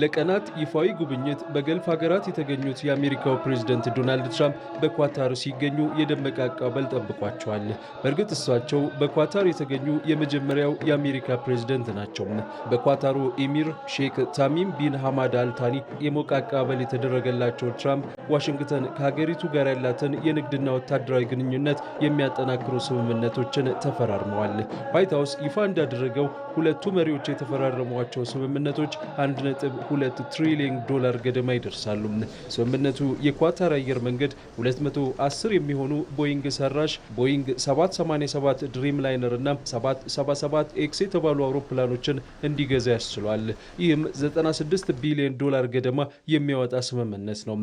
ለቀናት ይፋዊ ጉብኝት በገልፍ ሀገራት የተገኙት የአሜሪካው ፕሬዝደንት ዶናልድ ትራምፕ በኳታር ሲገኙ የደመቀ አቀባበል ጠብቋቸዋል። በእርግጥ እሳቸው በኳታር የተገኙ የመጀመሪያው የአሜሪካ ፕሬዝደንት ናቸው። በኳታሩ ኤሚር ሼክ ታሚም ቢን ሐማድ አልታኒ የሞቀ አቀባበል የተደረገላቸው ትራምፕ ዋሽንግተን ከሀገሪቱ ጋር ያላትን የንግድና ወታደራዊ ግንኙነት የሚያጠናክሩ ስምምነቶችን ተፈራርመዋል። ዋይት ሀውስ ይፋ እንዳደረገው ሁለቱ መሪዎች የተፈራረሟቸው ስምምነቶች 1.2 ትሪሊዮን ዶላር ገደማ ይደርሳሉ። ስምምነቱ የኳታር አየር መንገድ 210 የሚሆኑ ቦይንግ ሰራሽ ቦይንግ 787 ድሪም ላይነር እና 777 ኤክስ የተባሉ አውሮፕላኖችን እንዲገዛ ያስችሏል። ይህም 96 ቢሊዮን ዶላር ገደማ የሚያወጣ ስምምነት ነው።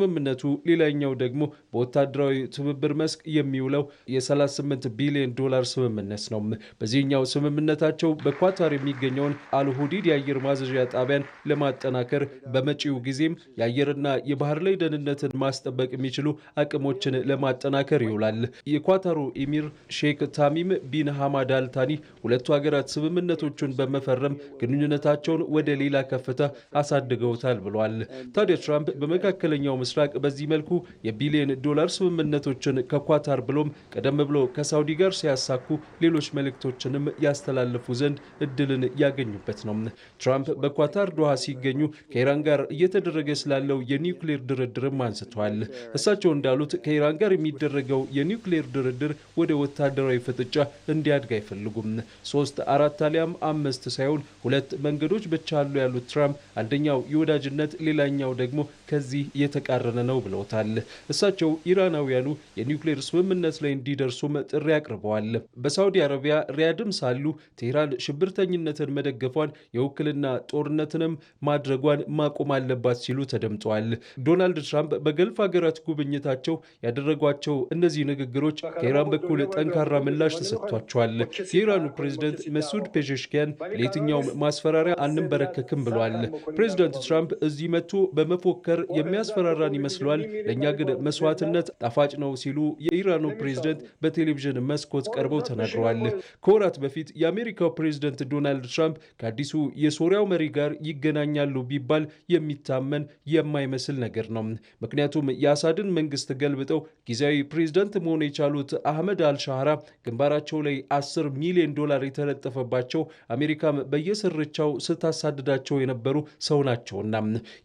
በስምምነቱ ሌላኛው ደግሞ በወታደራዊ ትብብር መስክ የሚውለው የ38 ቢሊዮን ዶላር ስምምነት ነው። በዚህኛው ስምምነታቸው በኳታር የሚገኘውን አልሁዲድ የአየር ማዘዣ ጣቢያን ለማጠናከር በመጪው ጊዜም የአየርና የባህር ላይ ደህንነትን ማስጠበቅ የሚችሉ አቅሞችን ለማጠናከር ይውላል። የኳታሩ ኢሚር ሼክ ታሚም ቢን ሐማድ አልታኒ ሁለቱ ሀገራት ስምምነቶቹን በመፈረም ግንኙነታቸውን ወደ ሌላ ከፍታ አሳድገውታል ብሏል። ታዲያ ትራምፕ በመካከለኛው ምስራቅ በዚህ መልኩ የቢሊዮን ዶላር ስምምነቶችን ከኳታር ብሎም ቀደም ብሎ ከሳውዲ ጋር ሲያሳኩ ሌሎች መልእክቶችንም ያስተላልፉ ዘንድ እድልን ያገኙበት ነው። ትራምፕ በኳታር ዶሃ ሲገኙ ከኢራን ጋር እየተደረገ ስላለው የኒውክሌር ድርድርም አንስተዋል። እሳቸው እንዳሉት ከኢራን ጋር የሚደረገው የኒውክሌር ድርድር ወደ ወታደራዊ ፍጥጫ እንዲያድግ አይፈልጉም። ሶስት አራት አሊያም አምስት ሳይሆን ሁለት መንገዶች ብቻ አሉ ያሉት ትራምፕ አንደኛው የወዳጅነት ሌላኛው ደግሞ ከዚህ የተቃ እየተቃረነ ነው ብለውታል። እሳቸው ኢራናውያኑ የኒውክሌር ስምምነት ላይ እንዲደርሱም ጥሪ አቅርበዋል። በሳውዲ አረቢያ ሪያድም ሳሉ ቴህራን ሽብርተኝነትን መደገፏን የውክልና ጦርነትንም ማድረጓን ማቆም አለባት ሲሉ ተደምጠዋል። ዶናልድ ትራምፕ በገልፍ ሀገራት ጉብኝታቸው ያደረጓቸው እነዚህ ንግግሮች ከኢራን በኩል ጠንካራ ምላሽ ተሰጥቷቸዋል። የኢራኑ ፕሬዚደንት መሱድ ፔዜሽኪያን ለየትኛውም ማስፈራሪያ አንንበረከክም ብሏል። ፕሬዚደንት ትራምፕ እዚህ መጥቶ በመፎከር የሚያስፈራራ የሰራን ይመስሏል፣ ለእኛ ግን መስዋዕትነት ጣፋጭ ነው ሲሉ የኢራኑ ፕሬዝደንት በቴሌቪዥን መስኮት ቀርበው ተናግረዋል። ከወራት በፊት የአሜሪካው ፕሬዝደንት ዶናልድ ትራምፕ ከአዲሱ የሶሪያው መሪ ጋር ይገናኛሉ ቢባል የሚታመን የማይመስል ነገር ነው። ምክንያቱም የአሳድን መንግስት ገልብጠው ጊዜያዊ ፕሬዝደንት መሆን የቻሉት አህመድ አልሻራ ግንባራቸው ላይ 10 ሚሊዮን ዶላር የተለጠፈባቸው አሜሪካም በየስርቻው ስታሳድዳቸው የነበሩ ሰው ናቸውና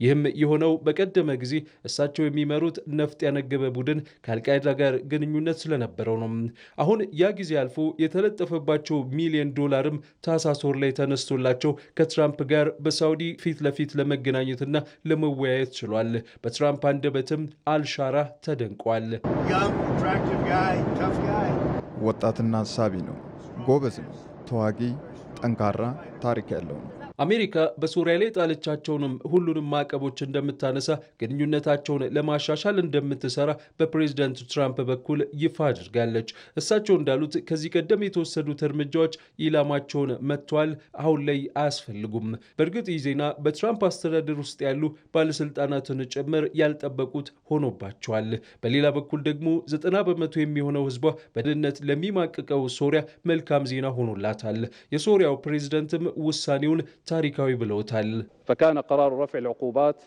ይህም የሆነው በቀደመ ጊዜ እሳቸው የሚመሩት ነፍጥ ያነገበ ቡድን ከአልቃይዳ ጋር ግንኙነት ስለነበረው ነው። አሁን ያ ጊዜ አልፎ የተለጠፈባቸው ሚሊዮን ዶላርም ታህሳስ ወር ላይ ተነስቶላቸው ከትራምፕ ጋር በሳውዲ ፊት ለፊት ለመገናኘትና ለመወያየት ችሏል። በትራምፕ አንደበትም አልሻራ ተደንቋል። ወጣትና ሳቢ ነው፣ ጎበዝ ነው፣ ተዋጊ፣ ጠንካራ ታሪክ ያለው ነው። አሜሪካ በሶሪያ ላይ ጣለቻቸውንም ሁሉንም ማዕቀቦች እንደምታነሳ ግንኙነታቸውን ለማሻሻል እንደምትሰራ በፕሬዚዳንት ትራምፕ በኩል ይፋ አድርጋለች። እሳቸው እንዳሉት ከዚህ ቀደም የተወሰዱት እርምጃዎች ኢላማቸውን መጥተዋል፣ አሁን ላይ አያስፈልጉም። በእርግጥ ይህ ዜና በትራምፕ አስተዳደር ውስጥ ያሉ ባለስልጣናትን ጭምር ያልጠበቁት ሆኖባቸዋል። በሌላ በኩል ደግሞ ዘጠና በመቶ የሚሆነው ህዝቧ በድህነት ለሚማቅቀው ሶሪያ መልካም ዜና ሆኖላታል። የሶሪያው ፕሬዚደንትም ውሳኔውን تاركه بلوتل فكان قرار رفع العقوبات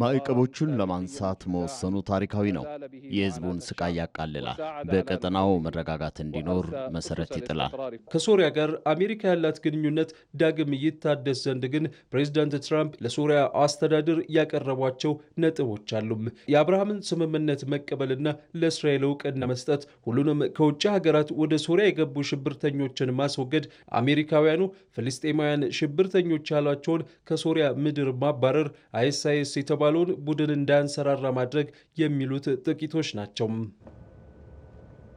ማዕቀቦቹን ለማንሳት መወሰኑ ታሪካዊ ነው። የህዝቡን ስቃይ ያቃልላል፣ በቀጠናው መረጋጋት እንዲኖር መሰረት ይጥላል። ከሶሪያ ጋር አሜሪካ ያላት ግንኙነት ዳግም ይታደስ ዘንድ ግን ፕሬዚዳንት ትራምፕ ለሶሪያ አስተዳደር ያቀረቧቸው ነጥቦች አሉም። የአብርሃምን ስምምነት መቀበልና ለእስራኤል እውቅና መስጠት፣ ሁሉንም ከውጭ ሀገራት ወደ ሶሪያ የገቡ ሽብርተኞችን ማስወገድ፣ አሜሪካውያኑ ፍልስጤማውያን ሽብርተኞች ያሏቸውን ከሶሪያ ምድር ማባረር፣ አይኤስ የተባ የተባለውን ቡድን እንዳያንሰራራ ማድረግ የሚሉት ጥቂቶች ናቸው።